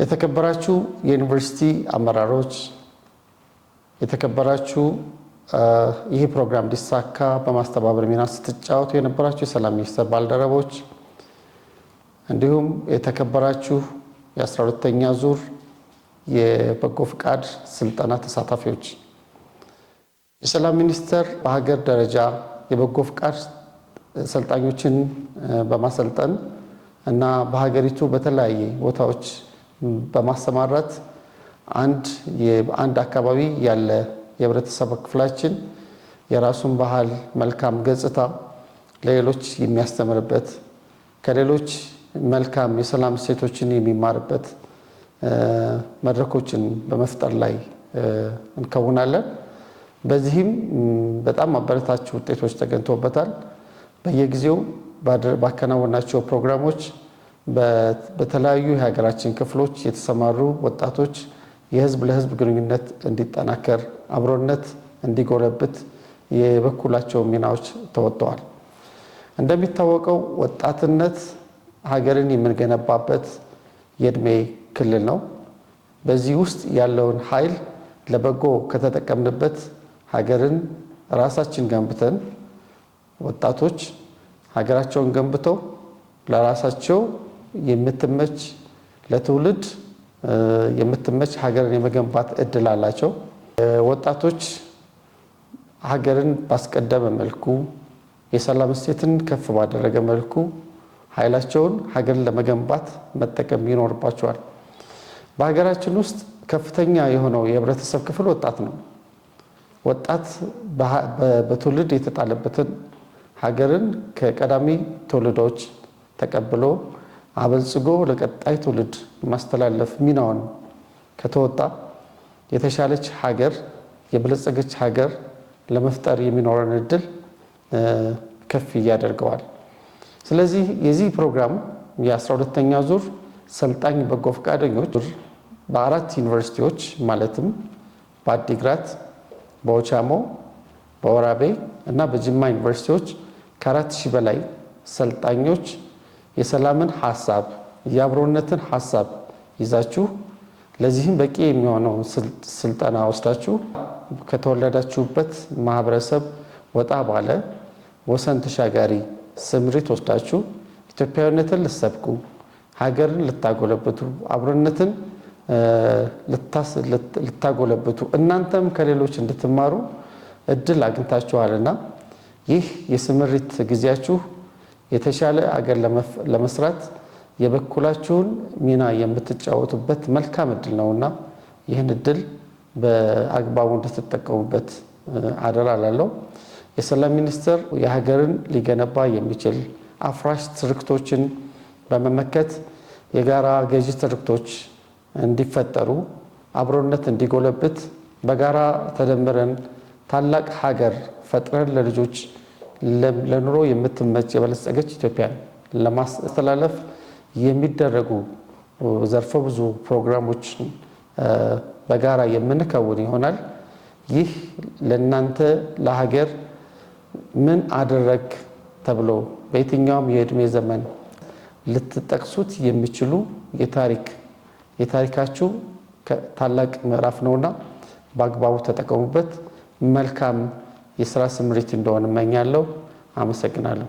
የተከበራችሁ የዩኒቨርሲቲ አመራሮች፣ የተከበራችሁ ይህ ፕሮግራም እንዲሳካ በማስተባበር ሚና ስትጫወቱ የነበራችሁ የሰላም ሚኒስቴር ባልደረቦች፣ እንዲሁም የተከበራችሁ የ12ተኛ ዙር የበጎ ፍቃድ ስልጠና ተሳታፊዎች፣ የሰላም ሚኒስቴር በሀገር ደረጃ የበጎ ፍቃድ ሰልጣኞችን በማሰልጠን እና በሀገሪቱ በተለያየ ቦታዎች በማሰማራት አንድ አንድ አካባቢ ያለ የህብረተሰብ ክፍላችን የራሱን ባህል መልካም ገጽታ ለሌሎች የሚያስተምርበት ከሌሎች መልካም የሰላም እሴቶችን የሚማርበት መድረኮችን በመፍጠር ላይ እንከውናለን። በዚህም በጣም አበረታች ውጤቶች ተገኝቶበታል። በየጊዜው ባከናወናቸው ፕሮግራሞች በተለያዩ የሀገራችን ክፍሎች የተሰማሩ ወጣቶች የህዝብ ለህዝብ ግንኙነት እንዲጠናከር፣ አብሮነት እንዲጎለብት የበኩላቸው ሚናዎች ተወጥተዋል። እንደሚታወቀው ወጣትነት ሀገርን የምንገነባበት የእድሜ ክልል ነው። በዚህ ውስጥ ያለውን ኃይል ለበጎ ከተጠቀምንበት ሀገርን ራሳችን ገንብተን ወጣቶች ሀገራቸውን ገንብተው ለራሳቸው የምትመች ለትውልድ የምትመች ሀገርን የመገንባት እድል አላቸው። ወጣቶች ሀገርን ባስቀደመ መልኩ የሰላም እሴትን ከፍ ባደረገ መልኩ ኃይላቸውን ሀገርን ለመገንባት መጠቀም ይኖርባቸዋል። በሀገራችን ውስጥ ከፍተኛ የሆነው የህብረተሰብ ክፍል ወጣት ነው። ወጣት በትውልድ የተጣለበትን ሀገርን ከቀዳሚ ትውልዶች ተቀብሎ አበልጽጎ ለቀጣይ ትውልድ ማስተላለፍ ሚናውን ከተወጣ የተሻለች ሀገር፣ የበለጸገች ሀገር ለመፍጠር የሚኖረን እድል ከፍ ያደርገዋል። ስለዚህ የዚህ ፕሮግራም የ12ተኛ ዙር ሰልጣኝ በጎ ፈቃደኞች በአራት ዩኒቨርሲቲዎች ማለትም በአዲግራት፣ በኦቻሞ፣ በወራቤ እና በጅማ ዩኒቨርሲቲዎች ከአራት ሺህ በላይ ሰልጣኞች የሰላምን ሀሳብ የአብሮነትን ሀሳብ ይዛችሁ ለዚህም በቂ የሚሆነው ስልጠና ወስዳችሁ ከተወለዳችሁበት ማህበረሰብ ወጣ ባለ ወሰን ተሻጋሪ ስምሪት ወስዳችሁ ኢትዮጵያዊነትን ልትሰብኩ፣ ሀገርን ልታጎለብቱ፣ አብሮነትን ልታጎለብቱ እናንተም ከሌሎች እንድትማሩ እድል አግኝታችኋልና ይህ የስምሪት ጊዜያችሁ የተሻለ አገር ለመስራት የበኩላችሁን ሚና የምትጫወቱበት መልካም እድል ነውና ይህን እድል በአግባቡ እንድትጠቀሙበት አደራ ላለው የሰላም ሚኒስቴር የሀገርን ሊገነባ የሚችል አፍራሽ ትርክቶችን በመመከት የጋራ ገዢ ትርክቶች እንዲፈጠሩ አብሮነት እንዲጎለብት በጋራ ተደምረን ታላቅ ሀገር ፈጥረን ለልጆች ለኑሮ የምትመች የበለጸገች ኢትዮጵያን ለማስተላለፍ የሚደረጉ ዘርፈ ብዙ ፕሮግራሞችን በጋራ የምንከውን ይሆናል። ይህ ለእናንተ ለሀገር ምን አደረግ ተብሎ በየትኛውም የእድሜ ዘመን ልትጠቅሱት የሚችሉ የታሪክ የታሪካችሁ ታላቅ ምዕራፍ ነውና በአግባቡ ተጠቀሙበት። መልካም የስራ ስምሪት እንደሆን እመኛለሁ። አመሰግናለሁ።